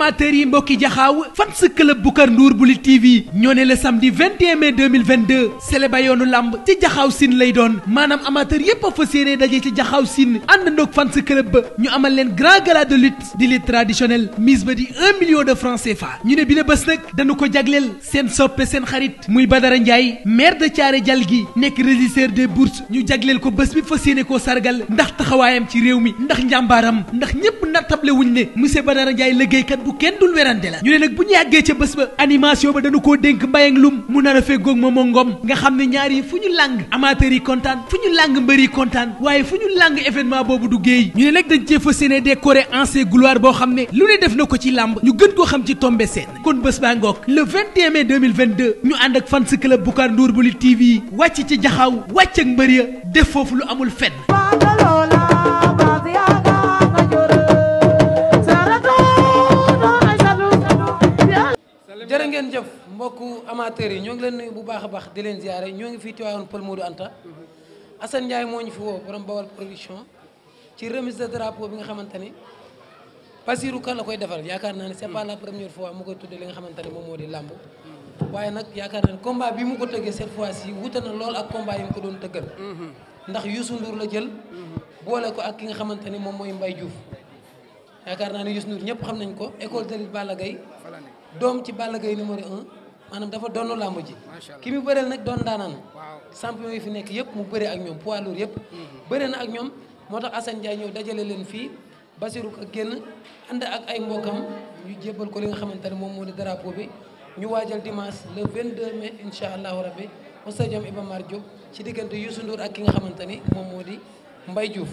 amateurs yi mbokki jaxaaw fans club Boucar Ndour bu Lutte TV ñoo ne le samedi 21 mai 2022 sele ba yoonu lamb ci jaxaaw siin lay doon maanaam amateur yépp a fas yéene daje ci jaxaaw siin àndandoog fans club ba ñu amal leen grand gala de lutte di lutte traditionnelle mise ba di 1 million de francs fa ñu ne bi la bés nag dañu ko jagleel seen soppe seen xarit muy Badara njaay maire de Thiaré Dial gi nekk régisseur des bourses ñu jagleel ko bés bi fas yéene koo sargal ndax taxawaayam ci réew mi ndax njàmbaaram ndax ñëpp nattable wuñ ne monsieur Badara Ndiaye liggéeykat bu bu kenn dul werante la ñu ne nag bu ñu yàggee ca bés ba animation ba danu koo dénk mbayang lum mu nar a feggoog Momo Ngom nga xam ne ñaar fu ñu làng amateurs yi kontaan fu ñu làng mbër kontaan waaye fu ñu làng événement boobu duggee géey ñu ne nag dañ cee fas yéene décoré ancien gloire boo xam ne lu ne def na ko ci làmb ñu gën koo xam ci tombé seen kon bés baa ngoog le 21 mai 2022 ñu ànd ak fans club Boucar Ndour bu li TV wàcc ci jaxaw wàcc ak mbër ya def foofu lu amul fenn ngeen jëf mbokk amateurs yi ñoo ngi leen nuyu bu baax a baax di leen ziare ñoo ngi fii Tivaouane Pël Modou Anta mm-hmm. Assane Ndiaye moo ñu fi woo borom Bawal production ci remise de drapeau bi nga xamante ni Basirou Ka la koy defal yaakaar naa ne c'est pas la première fois mu koy tuddee li nga xamante ne moom moo di làmb mm-hmm. waaye nag yaakaar naa ne combat bi mu ko tëggee cette fois yi wute na lool ak combat yi mu ko doon tëggal mm-hmm. ndax Youssou Ndour la jël boole ko ak ki nga xamante ni moom mooy Mbaye Diouf yaakaar naa ne Youssou Ndour ñëpp xam nañ ko école de lutte doom ci Balla Gaye numéro 1 maanaam dafa donn làmb ji ki mu bëreel nag doon daanaan champion yi fi nekk yëpp mu bëree ak ñoom poids lourd yëpp mhm. bëree na ak ñoom moo tax Assane Ndiaye ñëw dajale leen fii basiru ko génn ànd ak ay mbokkam ñu jébbal ko li nga xamante ne moom moo di drapeau bi ñu waajal dimanche le 22 mai incha allahu rabbi au stade Iba Mar Diop ci diggante Youssou Ndour ak ki nga xamante ni moom moo di mbay Diouf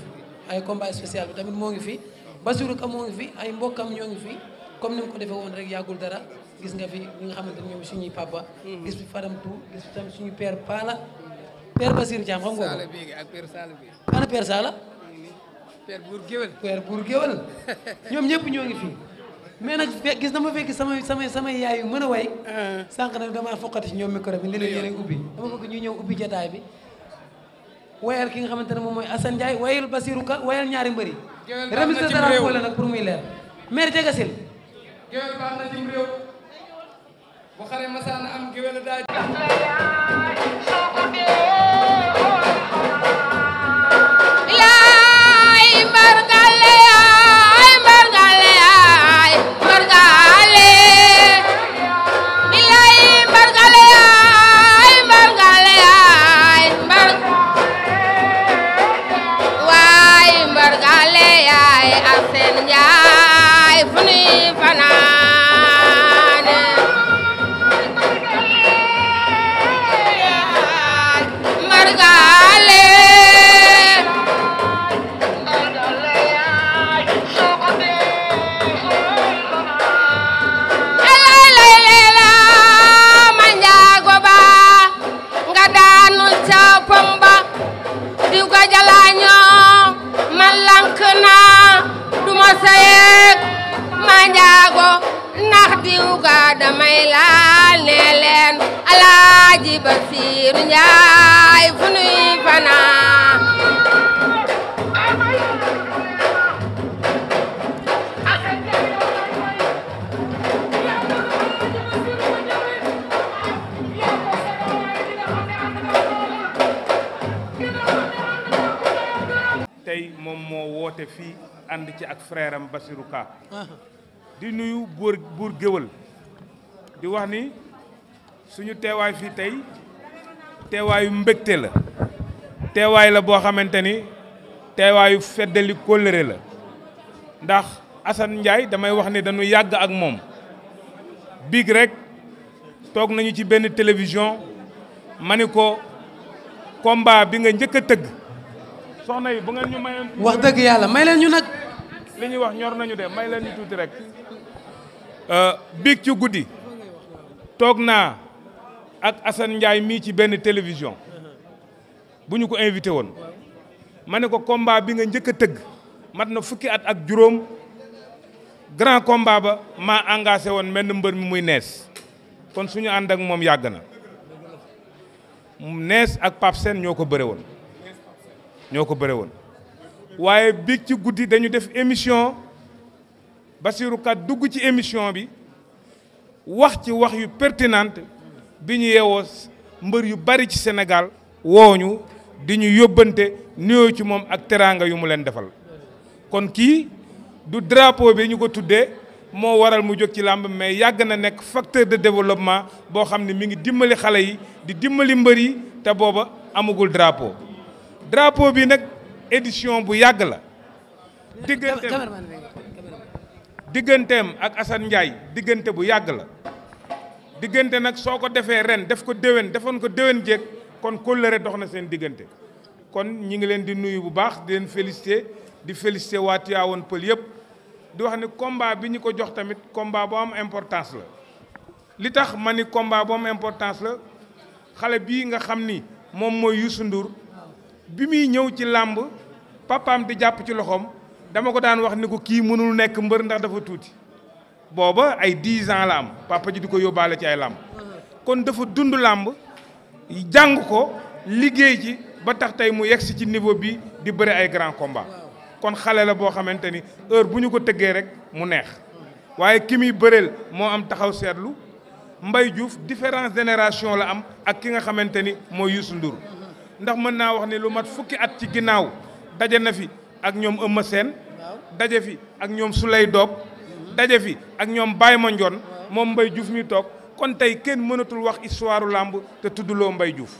ay combat spécial bi tamit moo ngi fi Basirou ka moo ngi fi ay mbokkam ñoo ngi fi comme ni mu ko defee woon rek yàggul dara gis nga fi ñi nga xamante ne ñoom suñuy papa. Mhm. gis fi Fadam tu gis fi tam suñu père Pala. père Basir Thiam xam nga ak père Sala bi. ana père Sala. père Bour ñoom ñëpp ñoo ngi fi. mais nag fe gis dama fekk samay samay samay yaay mën a way. Uh-huh. sànq nag damaa fokkati ci ñoom micro bi ubbi. dama bëgg ñu ñëw ubbi jotaay bi. wayal ki nga xamante ne moom mooy Assane Ndiaye wayal Basirou Ka wayal ñaari mbëri. géwél nag pour muy leer mère Diagasil géwél baax na cim réew bu xare masaana am géwél daa damay laal ne leen alaaji Basiiru Njaay fu nuy fanaan tey moom moo woote fii ànd ci ak frère am Basirou ah. di nuyu buur géwël di wax ni suñu teewaay fii tey teewaayu mbëgte la teewaay la boo xamante ni teewaayu feddali kóllëre la ndax Assane njaay damay wax ni dañu yàgg ak moom biig rek toog nañu ci benn télévision ma ni ko combat bi nga njëkk a tëgg soxna yi bu ngeen ñu mayoon wax dëgg yàlla may leen ñu nag li wax ñor nañu de may leen tuuti rek euh, biig ci guddi toog naa ak Assane Ndiaye mii ci benn télévision bu ñu ko invité woon ma ne ko combat bi nga njëkk a tëgg mat na fukki at ak juróom grand combat ba maa engagé woon menn mbër mi muy nees kon suñu ànd ak moom yàgg na nees ak Pape Sène ñoo ko bëre woon ñoo ko bëre woon waaye biig ci guddi dañu def émission Basirou Ka dugg ci émission bi wax ci wax yu pertinante bi ñu yeewoo mbër yu bari ci senegal wooñu di ñu yóbbante nuyoo ci moom ak teraanga yu mu leen defal kon kii du drapeau bi ñu ko tuddee moo waral mu jóg ci làmb mais yàgg na nekk facteur de développement boo xam ne mi ngi dimbali xale yi di dimbali mbër yi te booba amagul drapeau drapeau bi nag édition bu yàgg la digganteem ak Assane Ndiaye diggante bu yàgg la diggante nag soo ko defee ren def ko déwén defoon ko déwén jéeg kon kóllëre dox na seen diggante kon ñi ngi leen di nuyu bu baax di leen félicité di félicité waa Tivaouane pël yëpp di wax ni combat bi ñu ko jox tamit combat bu am importance la li tax ma ni combat bu am importance la xale bi nga xam ni moom mooy Youssou Ndour bi muy ñëw ci làmb papaam di jàpp ci loxoom dama ko daan wax ni ko kii mënul nekk mbër ndax dafa tuuti booba ay 10 ans la am papa ji di ko yóbbaale ci ay làmb kon dafa dund làmb jàng ko liggéey ji ba tax tey mu yegsi ci niveau bi di bëri ay grand combat kon xale la boo xamante ni heure bu ñu ko tëggee rek mu neex waaye ki muy bëreel moo am taxaw seetlu mbay Diouf différence génération la am ak ki nga xamante ni mooy Youssou nduru ndax mën naa wax ni lu mat fukki at ci ginnaaw daje na fi ak ñoom Eumeu daje fi ak ñoom Souley doog daje fi ak ñoom Baye Mandione moom mbay Diouf mi toog kon tey kenn mënatul wax histoire làmb te tudduloo mbay Diouf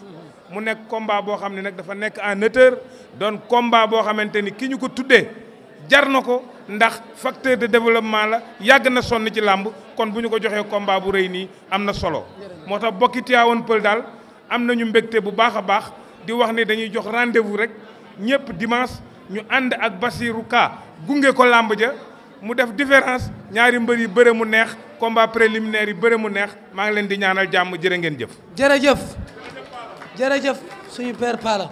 mu nekk combat boo xam ne nag dafa nekk en hauteur doon combat boo xamante ni ki ñu ko tuddee jar na ko ndax facteur de développement la yàgg na sonn ci làmb kon bu ñu ko joxee combat bu rëy nii am na solo moo tax bokki Tivaouane Peulh daal am na ñu mbégte bu baax a baax di wax ni dañuy jox rendez-vous rek ñëpp dimanche ñu ànd ak Basirou Ka gunge ko làmb ja mu def différence ñaari mbër yi bëre mu neex combat préliminaire yi bëre mu neex maa ngi leen di ñaanal jàmm jëre ngeen jëf. jërëjëf jërëjëf suñu père Pala.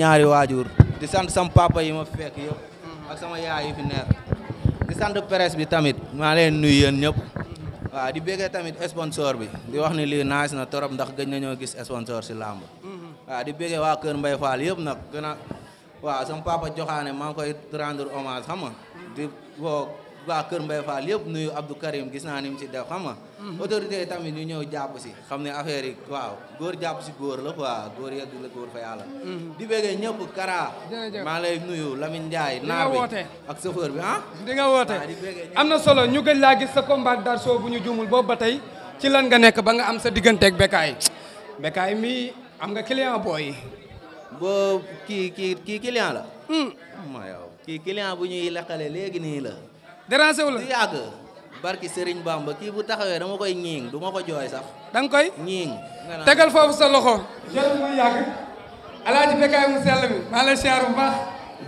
ñaari waajur di sant sama yi ma fekk yëpp ak sama yaay yi fi nekk di sant presse bi tamit maa leen nuyu yéen ñëpp waaw di béggee tamit sponsor bi di wax ni lii naas na torop ndax gëj nañoo gis sponsor si làmb waaw di béggee waa Kër Mbay Fall yëpp nag gën a waaw sama papa joxaane maa ngi koy rendre hommage xam di woo waa Kër Mbay Fall yëpp nuyu Abdou Karim gis naa ni mu def xam Mm-hmm. autorité tamit ñu ñëw jàpp si xam ne affaire yi waaw góor jàpp si góor la quoi góor yedd la góor fa yàlla mm-hmm. di bëggee ñëpp kara maa lay nuyu Lamine Ndiaye naar bi ak chauffeur bi ah di nga woote am na solo ñu gëj laa gis sa combat Darso bu ñu juumul boobu ba tey ci lan nga nekk ba nga am sa digganteeg Bécaye Bécaye mi am nga client booy boo kii kii kii client la mm. ma yow kii client bu ñuy lekkale léegi nii la déranger la barki Serigne Bamba kii bu taxawee dama koy ñiing du ma ko jooy sax. da koy ñiing. tegal foofu sa loxo. jël muy yàgg. alaaji bekkaay mu sell mi. maa la siyaar bu baax.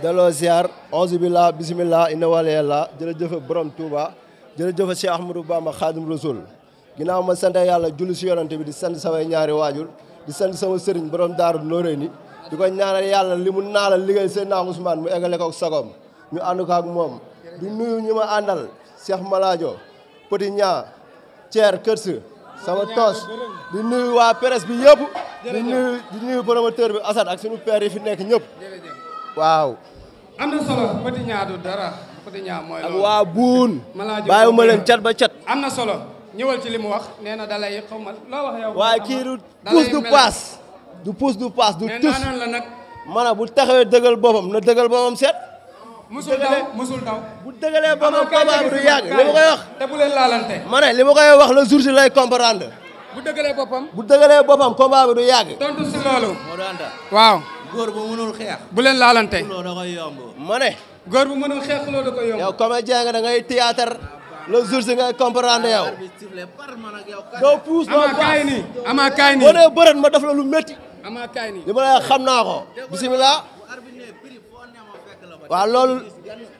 delloo siyaar. onze billah bismillah inna wala yàlla jërëjëf borom Touba jërëjëf Cheikh Ahmadou Bamba Khadim Rasoul ginnaaw ma sant yàlla julli si yonante bi di sant samay ñaari waajur di sant sama sëriñ borom daaru Noreyni di ko ñaanal yàlla li mu naala liggéey seen naa Ousmane mu eggale ko Cheikh Maladio Petit Ñaa Thier Kërsu sama toos di nuyu waa presse bi yëpp di nuyu di nuyu promoteur bi Assane ak suñu père yi fi nekk ñëpp waaw am na solo Petit Ñaa du dara Petit Ñaa mooy ak waa buun bàyyiwuma leen cat ba cat am na solo ñëwal ci li mu wax nee na dalay xaw ma loo wax yow waaye kii du pousse du passe du pousse du passe du tous la nag maanaam bu taxawee dëggal boppam na dëggal boppam seet musul daw bu dëgalee ba ma combat du yàgg li ma koy wax. te bu leen laalante. ma ne li ma koy wax le jour si lay comprendre. bu dëgalee boppam. bu dëgalee boppam combat bi du yàgg. tontu si loolu. waaw. góor bu mënul xeex. bu leen laalante. da ma ne. bu mënul xeex loolu da koy yomb. yow comédien nga da ngay théâtre le jour si ngay comprendre yow. doo puus doo paas. amaa kaay ma def la lu métti. amaa kaay nii xam naa ko waaw loolu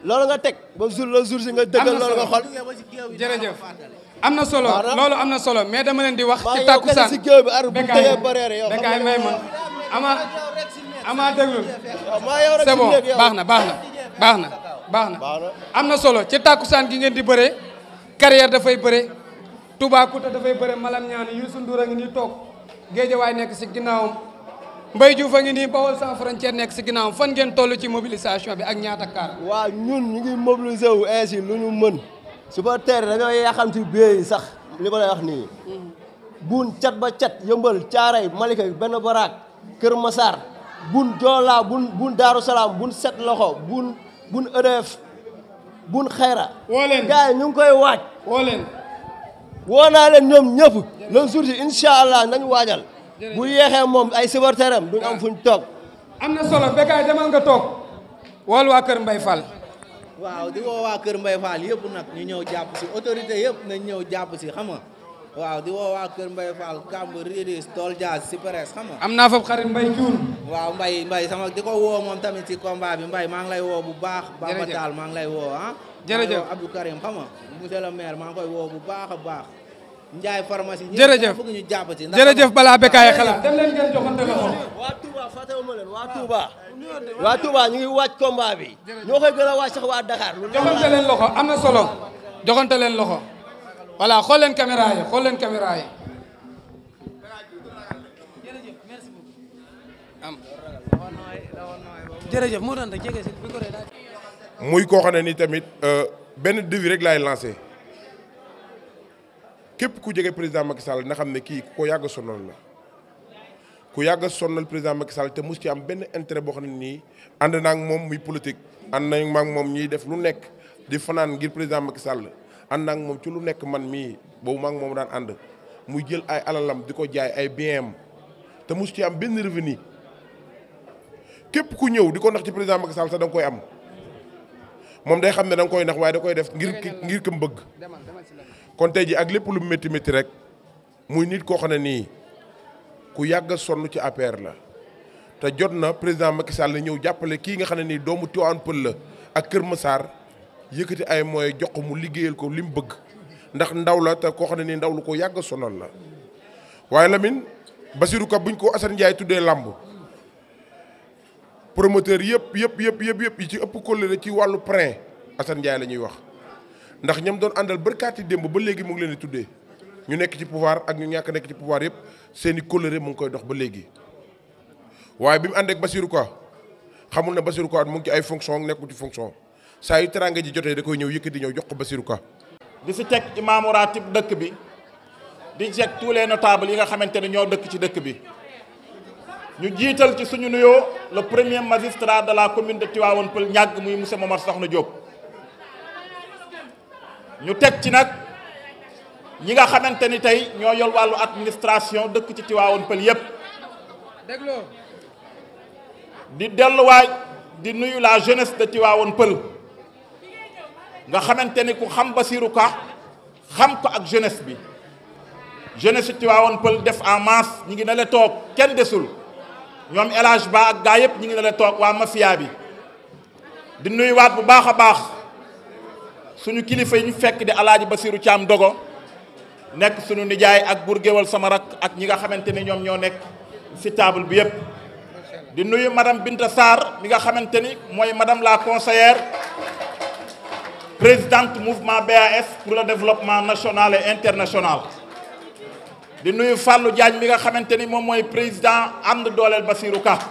loolu nga teg ba jour le jour si nga dëggal loolu nga xool jërëjëf am na solo loolu am na solo mais dama leen di wax ci tàkkusaan si bi ar bu tëyee bëreere yow bekkaay may ma ama ama déglu c'est bon baax na baax na baax na baax na am na solo ci saan gi ngeen di bëree carrière dafay bëre Toubacouta dafay bëre malam ñaani Youssou Ndour a ngi nii toog Géejawaay nekk si ginnaawam mbay Diouf a ngi nii Bawol sans frontière nekk si ginnaaw fan ngeen toll ci mobilisation bi ak ñaata kaar. waa ñun ñu ngi mobiliser wu ainsi lu ñu mën. supporter dañoo yàqam ci biir sax li ma lay wax nii. buun cat ba cat yëmbal caaray Malika benn baraak Kër masaar buun Joola buun buun Daaru Salaam buun set loxo buun buun EDF buun xayra. woo leen ñu ngi koy waaj. woo leen. woo naa leen ñoom ñëpp. le jour ji allah nañu waajal. bu yeexee moom ay supporter am duñ ah. am fuñ toog. am na solo Bécaye demal nga toog. wool waa Kër mbay Fall. waaw di woo waa Kër mbay Fall yëpp nag ñu ñëw jàpp si autorité yëpp nañ ñëw jàpp si xam waaw di woo waa Kër Mbaye Fall Kamb Riris Tool Diaz si xam nga. am naa foofu xarit Mbaye Thioune. waaw Mbaye mbay sama di ko woo moom tamit si combat bi Mbaye maa ngi lay woo bu baax. jërëjëf Baba Tall maa ngi lay woo ah. jërëjëf Abdou Karim xam nga monsieur le maire maa ngi koy woo bu baax a baax. Ndiaye pharmacie. jërëjëf bëgg ñu jàpp ci jërëjëf balaa bekkaay xalaat dem leen ngeen ñu ngi waaj combat bi. ñoo koy gën a waaj sax waa Dakar. loxo am na solo joxante leen loxo voilà xool leen caméra yi xool leen muy koo xam ne ni tamit euh, benn défi rek laay lancé. képp ku jege président Macky Sall xam ne kii ku ko yàgg sonal la ku yàgg sonal président Macky Sall te mus ci am benn intérêt boo xam ne nii ànd naa ak moom muy politique ànd naa ak moom ñuy def lu nekk di fanaan ngir président Macky Sall ànd naa ak moom ci lu nekk man mii boobu maa ngi moom daan ànd muy jël ay alalam di ko jaay ay biens te mus ci am benn revenu képp ku ñëw di ko nax ci président Macky Sall sax da koy am. moom day xam ne danga koy nax waaye da koy def ngir ngir këm bëgg kon tey ji ak lépp lu métti métti rek muy nit koo xam ne nii ku yàgg sonn ci APR la te jot na président Macky Sall ñëw jàppale kii nga xam ne nii doomu Tivaouane Peulh la ak Kër Massar yëkkati ay moyens jox ko mu liggéeyal ko li mu bëgg ndax ndaw la te koo xam ne nii ndaw lu ko yàgg a sonal la waaye Lamine Basirou Ka buñ ko Assane tuddee làmb promoteur yëpp yëpp yëpp yëpp yëpp yi ci ëpp kóllëre wàllu prin Assane Ndiaye la ñuy wax ndax ñam doon àndal barkaati démb ba léegi mu ngi leen di tuddee ñu nekk ci pouvoir ak ñu ñàkk nekk ci pouvoir yëpp seeni i mu ngi koy dox ba léegi waaye bi mu àndeek ak Basirou Ka xamul ne Basirou at mu ngi ci ay fonction nekkul ci fonction saa yu teraanga ji jotee da koy ñëw yëkkati ñëw jox ko Basirou Ka di fi teg imaamu ratib dëkk bi di teg tous les notables yi nga xamante ne ñoo dëkk ci dëkk bi ñu jiital ci suñu nuyoo le premier magistrat de la commune de Tivaouane Peulh ñàgg muy monsieur Momar Sokhna Diop ñu teg ci nag ñi nga xamante ni tey ñoo yor wàllu administration dëkk ci Tivaouane Peulh yépp dégloo di delluwaay di nuyu la jeunesse de Tivaouane Peulh nga xamante ni ku xam Basirou Ka xam ko ak jeunesse bi jeunesse Tivaouane Peulh def en masse ñi ngi ne le toog kenn desul ñoom élage ba ak gaa yëpp ñu ngi ne la toog waa mafia bi di nuyuwaat bu baax a baax suñu kilifa yi ñu fekk di alaaji Basiru Caam dogo nekk suñu nijaay ak burgéwal sama rak ak ñi nga xamante ni ñoom ñoo nekk si table bi yëpp di nuyu madame Binta Sarr mi nga xamante ni mooy madame la conseillère présidente mouvement BAS pour le développement national et international di nuyu Fallou Diagne mi nga xamante ni moom mooy président ànd dooleel Basirou Ka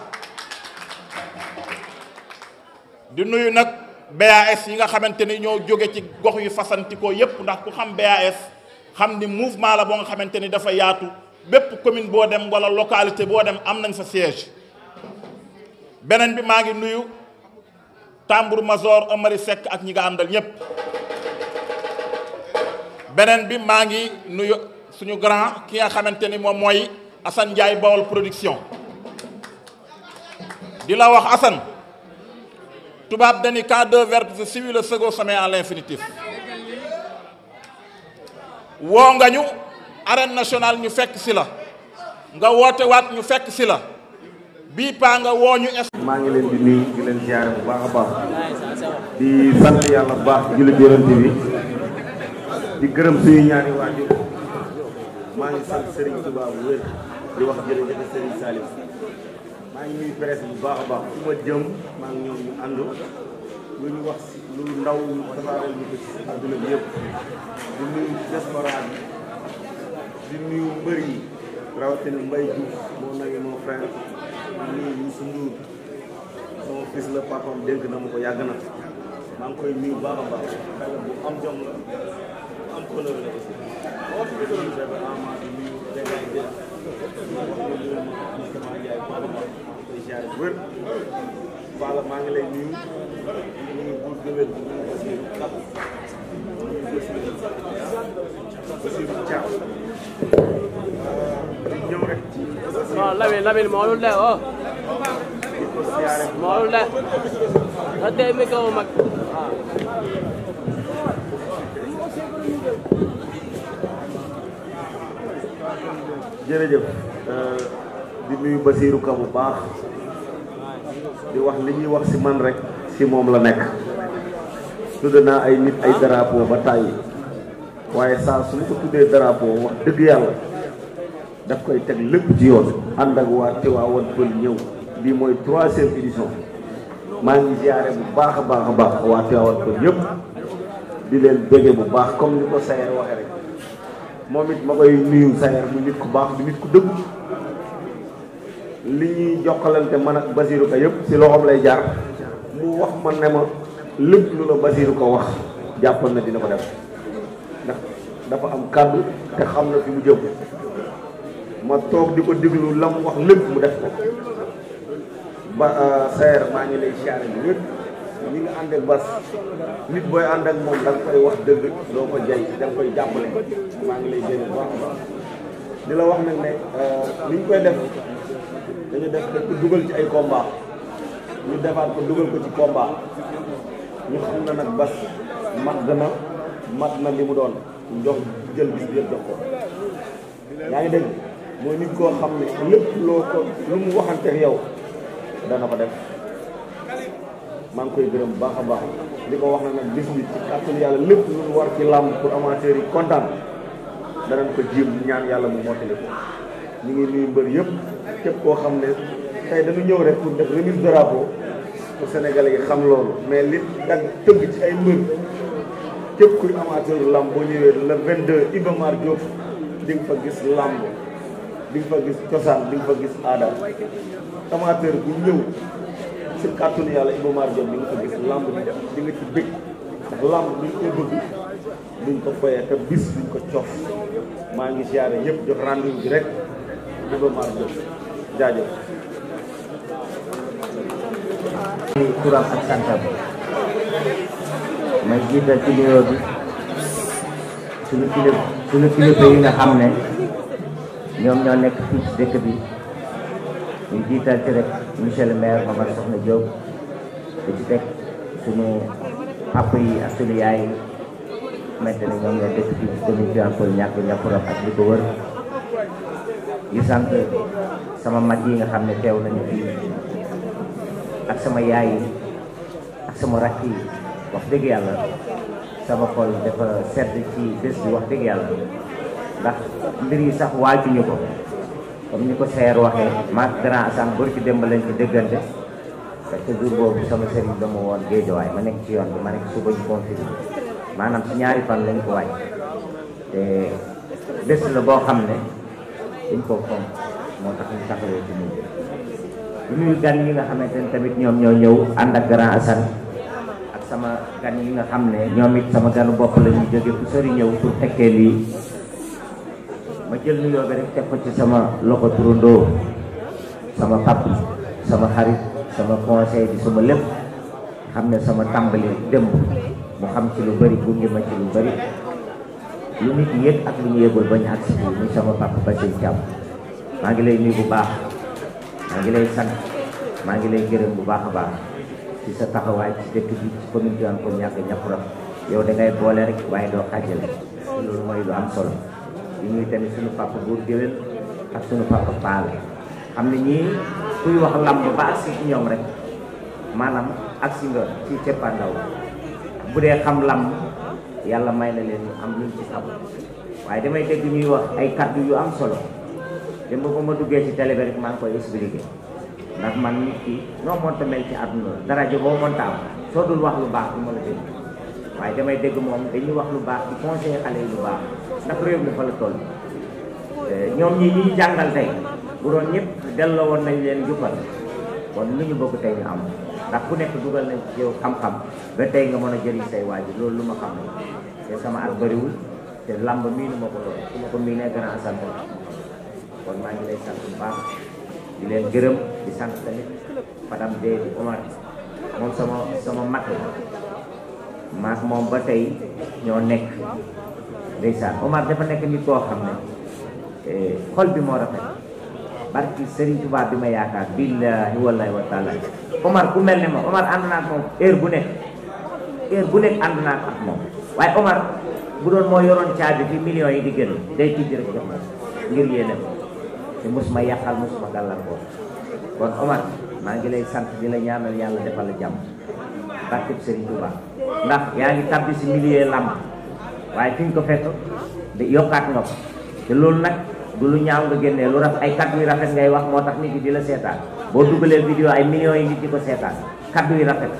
di nuyu nag BAS yi nga xamante ni ñoo jóge ci gox yu fasantikoo yépp ndax ku xam BAS xam ni mouvement la boo nga xamante ni dafa yaatu bépp commune boo dem wala localité boo dem am nañ fa siège beneen bi maa ngi nuyu Tambour Major Amari Seck ak ñi nga àndal ñépp beneen bi maa ngi nuyu suñu grand ki nga xamante ni moom mooy Assane Ndiaye Bawol production di la wax Assane tubaab dañu quand deux verbes se suivent le second sommet en l'infinitif woo nga ñu arène nationale ñu fekk si la nga woote waat ñu fekk si la bi paa nga woo ñu. maa ngi leen di di gërëm suñu maa ngi sant Serigne Touba bu wér di wax jërëjëf Serigne Salif maa ngi nuyu presse bu baax a baax fu ma jëm maa ngi ñoom ñu ànd lu ñu wax si lu ndaw ñu tasaareel ñu ko ci adduna bi yëpp di nuyu diaspora bi di nuyu mbër yi rawatina Mbaye Diouf moo nagi moo frère di nuyu Youssou Ndour sama fils la papam dénk na ma ko yàgg na maa ngi koy nuyu baax baax bu am jom la am honneur Fala ah, maa ngi lay nuyu nuyu bu gëwël bu Basiru Kab nuyu Basiru Basiru Thiam ñëw rek ci waaw Lamine Lamine moo lu le o oh. moo lu le a tey mi kaw mag waaw jërëjëf euh, di nuyu Basirou Ka bu baax di wax li ñuy wax si man rek si moom la nekk tudd naa ay nit ay drapeau ba tàyyi waaye saa su ñu ko tuddee drapeau wax dëgg yàlla daf koy teg lépp ci yoon ànd ak waa Tiwaawan Pël ñëw bii mooy troisième édition maa ngi ziare bu baax a baax baax waa Tiwaawan Pël yëpp di leen bége bu baax comme ni ko Sayer waxee rek moom it ma koy nuyu sayer mu nit ku baax di nit ku dëgg li ñuy jokkalante man ak Basirou Ka yëpp si loxoom lay jaar mu wax ma ne ma lépp lu la Basirou Ka wax jàppal na dina ko def ndax dafa am kàddu te xam na fi mu jëm ma toog di ko déglu la wax lépp mu def ko ba sayer euh, maa ngi lay siyaare bi ñëpp ñi nga ànd ak bas nit booy ànd ak moom da nga koy wax dëgg doo ko jay da nga koy jàppale maa ngi lay jëlee baax a baax di la wax nag ne euh, li ñu koy def dañu def dañ dugal ci ay combat ñu defaat ko dugal ko ci combat ñu xam na nag bas mat na mat na li mu doon jox jël bis bi yëpp jox ko yaa ngi dégg mooy nit koo xam ne lépp loo ko lu mu waxante ak yow dana ko def maa ngi koy gërëm baax a baax li ko wax na nag bis bi ci kàttan yàlla lépp lu war ci làmb pour amateurs yi kontaan danañ ko jiw ñaan yàlla mu mottali ko ñu ngi nuyu mbër yëpp képp koo xam ne tey dañu ñëw rek pour def remise drapeau pour sénégalais yi xam loolu mais li dag tëgg ci ay mbër képp kuy amateur làmb boo ñëwee le 22 Iba Mar Diop di nga fa gis làmb di nga fa gis cosaan di nga fa gis aada amateur bu ñëw si kàttanu yàlla Iba Mar Diop di nga ko gis lamb bi di nga ci bëgg ndax lamb bi ñu ko bëgg ko foyee te bis duñ ko coof maa ngi siyaare ñëpp jox rendez-vous bi rek Iba Mar Diop jaajëf. turam ak santam may jiital ci nuyoo bi suñu kilifa suñu kilifa yi nga xam ne ñoom ñoo nekk fii ci bi. ñu jiital ci rek monsieur le maire Mamar Soxna Diop di ci teg suñu papa yi ak suñu yaay xamante ne ñoom ñoo dëkk ci commune Tivaouane Peulh ñàkk ñàkkuram ak li ko wër yu sant sama mag yi nga xam ne teew nañu fii ak sama yaay ak sama rakk wax dëgg yàlla sama xol dafa sedd ci bés bi wax dëgg yàlla ndax mbir yi sax waajuñu ko comme ni ko seer waxee maag grand asam bër ci démb lañ ci déggante parce que jour boobu sama sëriñ dama woon waaye ma nekk ci yoon bi ma nekk suba ñu confirmé maanaam ci ñaari fan lañ ko wàññi te bés la boo xam ne dañ ko fonk moo tax ñu taxawee ci ñun bu ñuy gan yi nga xamante ne tamit ñoom ñoo ñëw ànd ak grand asan ak sama gan yi nga xam ne ñoom it sama ganu bopp la ñu jóge fu sori ñëw pour fekkee lii ma jël nuyoo bi rek teg ko ci sama loxo turandoo sama pap sama xarit sama conseil di sama lépp xam ne sama tàmbali démb mu xam ci lu bëri gunge ma ci lu bëri lu nit yëg ak lu ñu yëgul ba ñu agsi fii muy sama pap ba seen jàmm maa ngi lay nuyu bu baax maa ngi lay sant maa ngi lay gërëm bu baax a baax ci sa taxawaay ci dëkk bi ci commune Tivaouane Peulh ñàkk ñàkk yow da boole rek waaye doo xàjjale loolu mooy lu am solo di nuyu tamit suñu papa góor géwél ak suñu papa Baal xam ne ñii kuy wax lamb ba ak ñoom rek maanaam ak si nga ci cëppandaw bu dee xam lamb yàlla may na leen am luñ ci sabu waaye damay dégg ñuy wax ay kaddu yu am solo dem ba ba ma duggee ci télé bi rek maa ngi koy expliqué ndax man nit ki noo mënta mel ci àdduna daraja boo mënta am soo dul wax lu baax du ma la dégg waaye damay dégg moom dañuy wax lu baax di conseillé xale yi lu baax ndax réew mi fa la toll eh, ñoom ñi ñu jàngal tey bu doon ñëpp delloo woon nañ leen jukkal kon lu ñu bokk tey ñu am ndax ku nekk dugal nañ ci yow xam-xam ba tey nga mën a jëriñ say waajur loolu lu ma xam ne te sama at bëriwul te làmb miinu ma ko doon su ma ko miinee gën a sant kon maa ngi lay sant bu baax gërëm di sant tamit Fadam Deye di moom sama sama mag la moom ba tey ñoo nekk ndeysaan Omar dafa nekk nit koo xam ne e, xol bi moo rafet barki Serigne Touba bi ma yaakaar billahi wallahi wa taala Omar ku mel ne moom Omar ànd naa ak moom heure bu nekk heure bu nekk ànd naa ak moom waaye Omar bu doon moo yoroon caabi fi millions yi di la day tijji rek jox ngir yéene ko te mosuma yàqal mosuma gàllankoor kon Omar maa ngi lay sant di la ñaanal yàlla defal la jàmm barkeb Serigne Touba ndax yaa ngi tabbi si milieu làmb waaye fi ñu ko fekk yokkaat nga ko te loolu nag du lu ñaaw nga génnee lu raf ay kaddu yu rafet ngay wax moo tax nit yi di la seetaan boo dugalee vidéo ay millions yi nit di ko seetaan kaddu yu rafet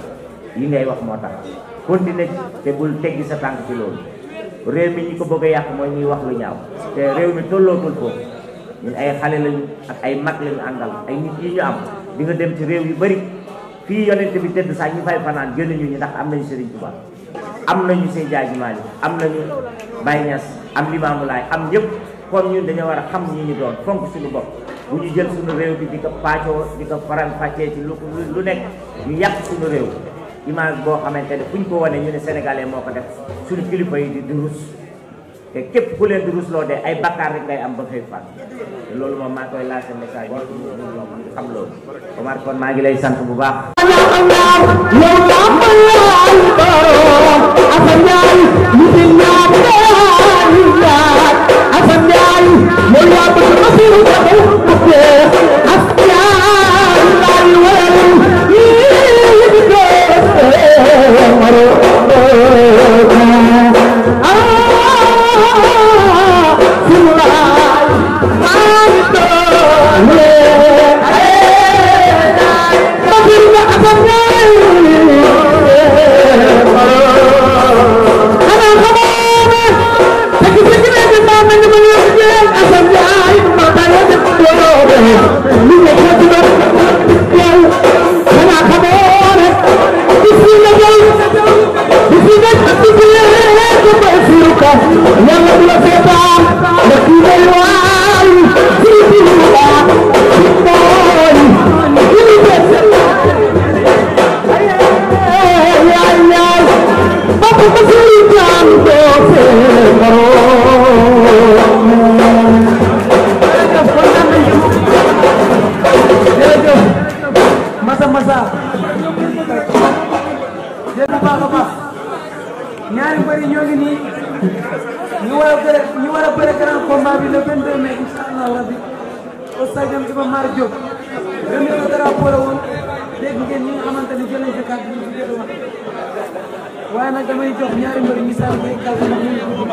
yi ngay wax moo tax di continuer te bul teggi sa tànk ci loolu réew mi ñi ko bëgg a mooy ñuy wax lu ñaaw te réew mi tollootul foofu ñun ay xale lañu ak ay mag lañu àndal ay nit yi ñu am di nga dem ci réew yu bari fii yonent bi tëdd saa ñu fay fanaan génn ñu ndax am nañu Sëriñ Tuubaa am nañu Seydi Hadji Malick am na nañu Baye Niass am Limaamu Laay am ñëpp kon ñun dañoo war a xam ñi ñu doon fonk suñu bopp bu ñu jël suñu réew bi di ko paacoo di ko faral fàccee ci lu lu nekk ñu yàq suñu réew image boo xamante ne fu ñu ko wanee ñu ne sénégalais moo ko def suñu kilifa yi di di rus te képp ku leen di rusloo de ay bakkaar rek ngay am ba xëy faat loolu moom maa koy lancé message yi ñu xam kon maa ngi lay sant bu baax loolu ñu war a bëre grand combat bi le 22 mai allah rabi au stade Iba Mar Diop jox ñaari mbër yi saa may kaw ñu ñu ñu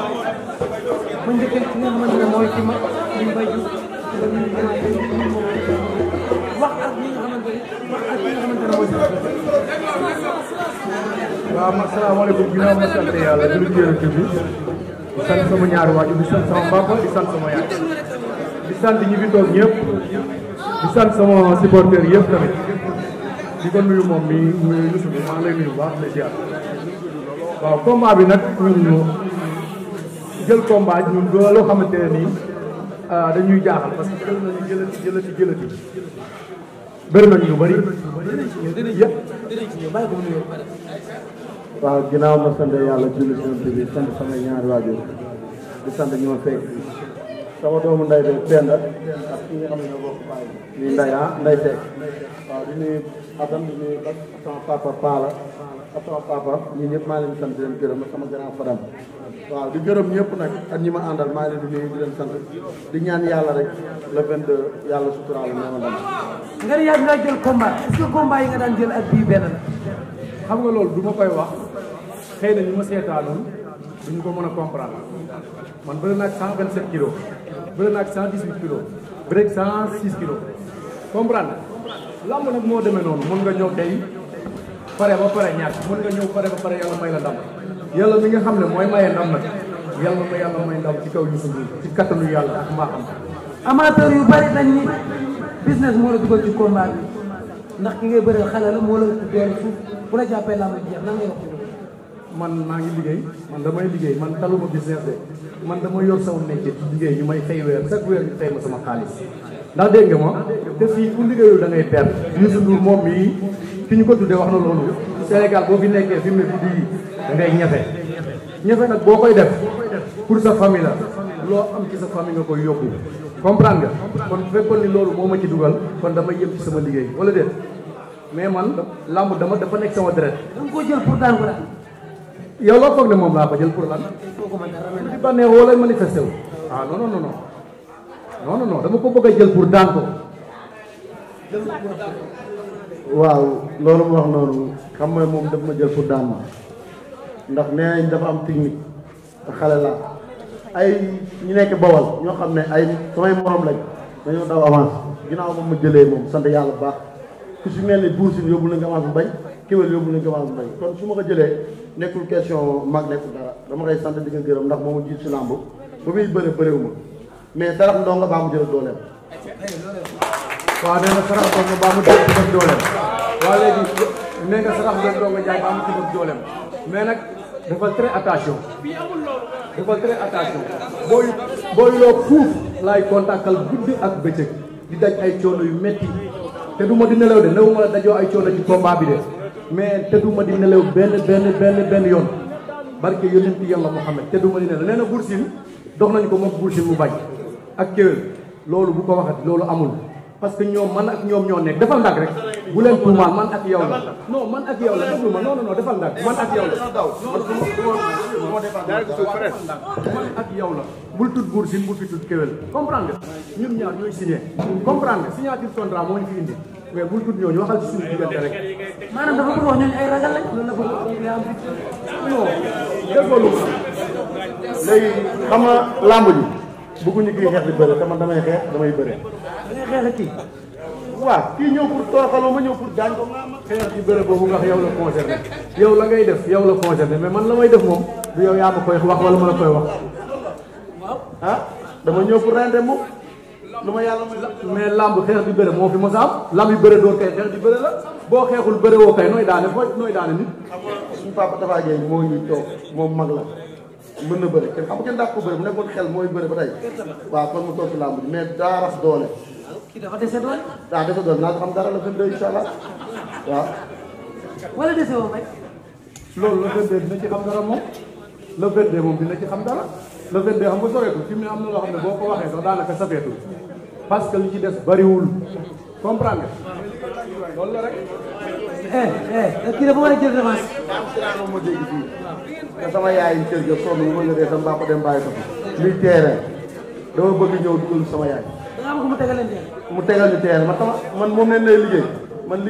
ma njëkkee ci nga xamante ne mooy ci ma ñu bay ju wax ak ñi nga xamante ne wax ak ñi nga xamante ne mooy waaw ma salaamaaleykum ginnaaw ma sant yàlla julli jërëjëf bi di sant sama ñaari waajur di sant sama papa di sant sama yaay di sant ñi fi toog ñëpp di sant sama supporter yëpp tamit di ko nuyu moom mi muy Youssou bi maa ngi lay nuyu bu baax di la ziar waaw combat bi nag ñun jël combat ñun doo loo xamante ne nii ah, dañuy jaaxal parce que jël nañu jëlati jëlati jëlati bëri nañu lu bëri. yëpp waaw ginnaaw ma sant yàlla julli sant bi sant sama ñaari waajur di sant ñoo fekk sama doomu nday de benn ak nday ah nday fekk waaw di nuyu Adam di nuyu sama papa ak sama papa ñii ñëpp maa leen sant di leen gërëm sama grand frère waaw di gërëm ñëpp nag ak ñi ma àndal maa leen di nuyu di leen sant di ñaan yàlla rek le 22 yàlla suturaal ma ma dem. nga ne yàgg nga jël combat est-ce que combat yi nga daan jël ak bii benn xam nga loolu du ma koy wax xëy na ñu ma seetaanoon duñu ko mën a comprendre man bëri na ak 127 kilos bëri na ak 118 kilos bëri ak 106 kilos comprendre lamb nag moo demee noonu mën nga ñëw tey. pare ba pare ñàkk mën nga ñëw pare ba pare yàlla may la ndam yàlla mi nga xam ne mooy maye ndam nag yàlla ma yàlla may ndam ci kaw Youssou Ndour ci kattanu yàlla ak maa xam. amateur yu bari dañ ni business moo la dugal ci combat bi ndax ki ngay bëree xale la moo la doon suuf bu la jàppee làmb ji jeex nan wax. man maa ngi liggéey man damay liggéey man taluma business de man dama yor saw nekk ci liggéey ñu may xëy weer chaque weer ñu xëy ma sa xaalis ndax dégg ki ñu ko tuddee wax na loolu Sénégal boo fi nekkee fi mu ne fi di da ngay ñefe nag boo koy def pour sa famille la loo am ci sa famille nga koy yóbbu comprendre nga kon fekkoon ni loolu moo ma ci dugal kon damay yem ci sama liggéey wala de mais man làmb dama dafa nekk sama deret dama ko jël pour yow loo foog ne moom laa ko jël pour lan di bànnee woo lay manifesté wu ah non non non non non non dama ko bëgg a jël pour daan ko waaw loolu mu wax noonu xam nga moom daf ma jël pour daan ma ndax nee nañ dafa am technique xale la ay ñu nekk bawal ñoo xam ne ay samay morom lañ dañoo daw avance ginnaaw moom ma jëlee moom sant yàlla bu baax ku si mel ni buur si yóbbu nañ ko avance bu bañ kéwél yóbbu nañ ko avance bu bañ kon su ma ko jëlee nekkul question mag nekkul dara dama koy sant di nga gërëm ndax moomu jiit si làmb ba muy bëre bëréewu ma mais dara ndongo baa mu jël dooleem waaw nee na sarax doon baa ba mu jàpp ci dooleem waaw léegi nee nga sarax doon doo nga jaay ba mu ci bëgg dooleem mais nag dafa très attention dafa très attention booy booy loo fuuf laay kontaakal guddi ak bëccëg di daj ay coono yu metti te du ma di nelaw de néew ma la dajoo ay coono ci combat bi de mais te du ma di nelaw benn benn benn benn yoon barke yonent yàlla Muhammad te du ma di nelaw nee na Bour Sine dox nañu ko moom Bour Sine mu bañ ak kéwél loolu bu ko waxat loolu amul parce que ñoom man ak ñoom ñoo nekk defal ndànk rek bu leen tuumaal man ak yow la non man ak yow la déglu ma non non non ak yow la man ak yow la bul tudd buur sin bul fi tudd kéwél comprendre nga ñun ñaar ñooy signé comprendre nga signature contrat moo ñu fi indi mais bul tudd ñooñu waxal ci suñu diggante rek maanaam dafa bëgg wax ñooñu ay ragal lañ loolu la bëgg am non déggoo lu léegi xam nga làmb ji bëgguñu kii xeex di bëre te man damay xeex damay bëre da ngay xeex kii waaw kii ñëw ma ñëw pour daañ ko xeex di bëre boobu nga yow la concerné yow la ngay def yow la concerné mais man la may def moom du yow yaa ma ma la koy wax ah, dama ñëw pour rendre moom lu ma yàlla may mais lamb xeex di bëre moo fi mos a am lamb yi bëre doo kay xeex di bëre la boo xeexul bëre woo kay nooy daane foo nooy daane nit suñu papa Tafa Gueye moo ñu moom mag la mën na bëre kenn xam nga kenn daa ko bëre bu nekkoon xel mooy bëre ba tey waaw kon mu toog ci làmb ji mais daa raf doole kii dafa dese doole daa dese doole naa ko xam dara la vingt deux incha allah waaw wala dese woon rek loolu la vingt deux dina ci xam dara moom la vingt deux moom dina ci xam dara la vingt deux xam nga soreetul fi mu ne am na loo xam ne boo ko waxee sax daanaka safeetul parce que li ci des bariwul comprendre nga loolu la rek eh eh kii dafa war a jël revanche te sama yaay Kër Diop soxna bu ma ñëwee sama papa dem bàyyi ko fi muy teere dama bëgg ñëw dugal sama yaay. da mu tegal leen teere. mu tegal ñu teere man sama man moom lañ lay liggéey man.